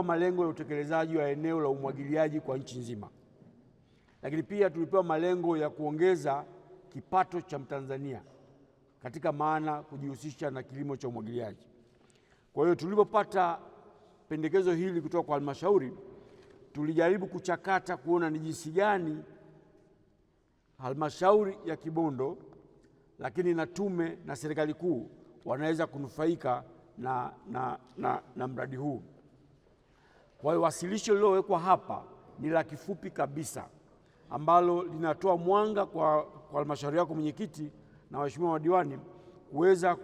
tulipewa malengo ya utekelezaji wa eneo la umwagiliaji kwa nchi nzima, lakini pia tulipewa malengo ya kuongeza kipato cha Mtanzania katika maana kujihusisha na kilimo cha umwagiliaji. Kwa hiyo tulipopata pendekezo hili kutoka kwa halmashauri, tulijaribu kuchakata kuona ni jinsi gani halmashauri ya Kibondo lakini na tume na serikali kuu wanaweza kunufaika na, na, na, na mradi huu. Kwa hiyo wasilisho lililowekwa hapa ni la kifupi kabisa ambalo linatoa mwanga kwa halmashauri yako mwenyekiti na waheshimiwa madiwani kuweza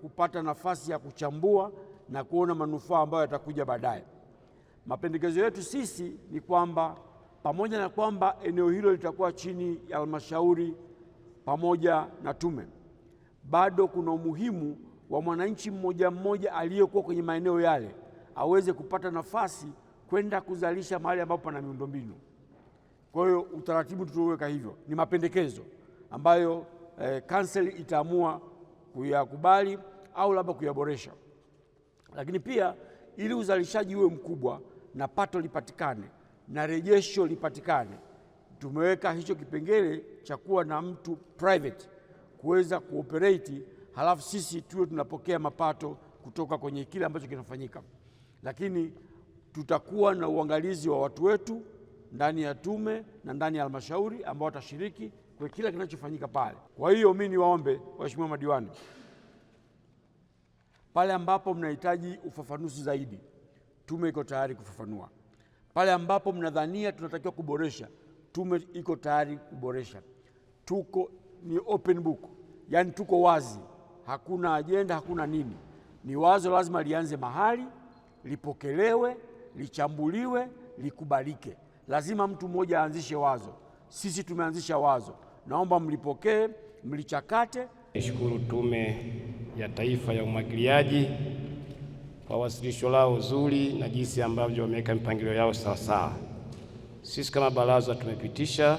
kupata nafasi ya kuchambua na kuona manufaa ambayo yatakuja baadaye. Mapendekezo yetu sisi ni kwamba pamoja na kwamba eneo hilo litakuwa chini ya halmashauri pamoja na tume, bado kuna umuhimu wa mwananchi mmoja mmoja aliyekuwa kwenye maeneo yale aweze kupata nafasi kwenda kuzalisha mahali ambapo pana miundombinu. Kwa hiyo utaratibu tulioweka hivyo ni mapendekezo ambayo eh, itaamua kuyakubali au labda kuyaboresha, lakini pia ili uzalishaji uwe mkubwa na pato lipatikane na rejesho lipatikane, tumeweka hicho kipengele cha kuwa na mtu private kuweza kuoperate, halafu sisi tuwe tunapokea mapato kutoka kwenye kile ambacho kinafanyika, lakini tutakuwa na uangalizi wa watu wetu ndani ya tume na ndani ya halmashauri ambao watashiriki kwa kila kinachofanyika pale. Kwa hiyo mimi niwaombe waheshimiwa madiwani, pale ambapo mnahitaji ufafanuzi zaidi, tume iko tayari kufafanua. Pale ambapo mnadhania tunatakiwa kuboresha, tume iko tayari kuboresha. Tuko ni open book, yaani tuko wazi, hakuna ajenda, hakuna nini. Ni wazo lazima lianze mahali lipokelewe lichambuliwe, likubalike. Lazima mtu mmoja aanzishe wazo. Sisi tumeanzisha wazo, naomba mlipokee, mlichakate. Nishukuru Tume ya Taifa ya Umwagiliaji kwa wasilisho lao zuri na jinsi ambavyo wameweka mipangilio yao sawasawa. Sisi kama baraza tumepitisha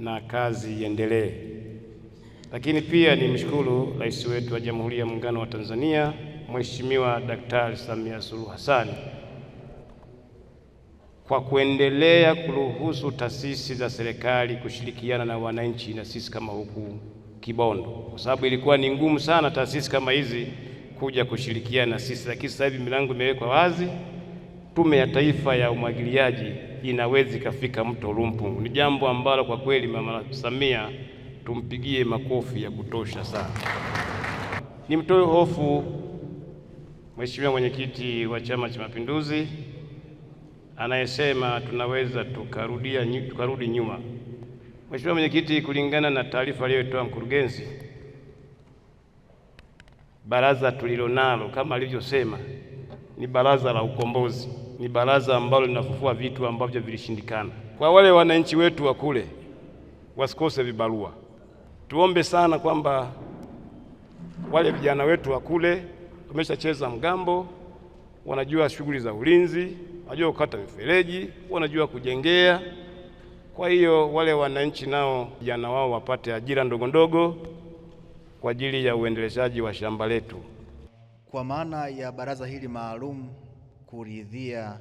na kazi iendelee. Lakini pia nimshukuru Rais wetu wa Jamhuri ya Muungano wa Tanzania Mheshimiwa Daktari Samia Suluhu Hassan kwa kuendelea kuruhusu taasisi za serikali kushirikiana na wananchi na sisi kama huku Kibondo, kwa sababu ilikuwa ni ngumu sana taasisi kama hizi kuja kushirikiana na sisi, lakini sasa hivi milango imewekwa wazi. Tume ya Taifa ya Umwagiliaji inaweza ikafika mto rumpu Ni jambo ambalo kwa kweli Mama Samia tumpigie makofi ya kutosha sana. ni mtoe hofu Mheshimiwa mwenyekiti wa Chama cha Mapinduzi anayesema tunaweza tukarudia tukarudi nyuma. Mheshimiwa Mwenyekiti, kulingana na taarifa aliyotoa mkurugenzi, baraza tulilonalo kama alivyosema ni baraza la ukombozi, ni baraza ambalo linafufua vitu ambavyo vilishindikana. Kwa wale wananchi wetu wa kule wasikose vibarua, tuombe sana kwamba wale vijana wetu wa kule wameshacheza mgambo, wanajua shughuli za ulinzi wanajua kukata mifereji, wanajua kujengea. Kwa hiyo wale wananchi nao vijana wao wapate ajira ndogo ndogo kwa ajili ya uendeleshaji wa shamba letu. Kwa maana ya baraza hili maalum kuridhia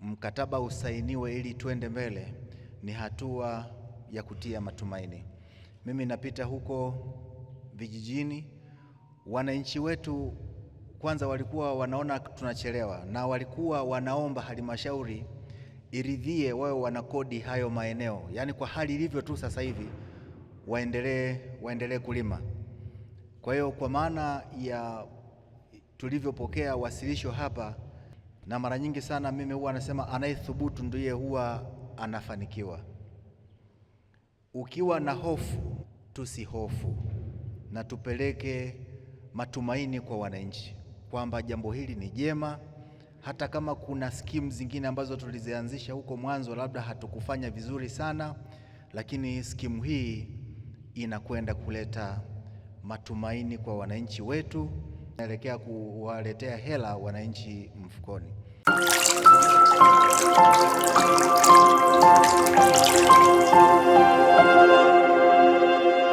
mkataba usainiwe ili tuende mbele, ni hatua ya kutia matumaini. Mimi napita huko vijijini, wananchi wetu kwanza walikuwa wanaona tunachelewa, na walikuwa wanaomba halmashauri iridhie wao wanakodi hayo maeneo, yaani kwa hali ilivyo tu sasa hivi waendelee waendelee kulima. Kwa hiyo kwa maana ya tulivyopokea wasilisho hapa, na mara nyingi sana mimi huwa anasema anayethubutu ndiye huwa anafanikiwa. Ukiwa na hofu, tusihofu na tupeleke matumaini kwa wananchi kwamba jambo hili ni jema, hata kama kuna skimu zingine ambazo tulizianzisha huko mwanzo, labda hatukufanya vizuri sana, lakini skimu hii inakwenda kuleta matumaini kwa wananchi wetu, inaelekea kuwaletea hela wananchi mfukoni.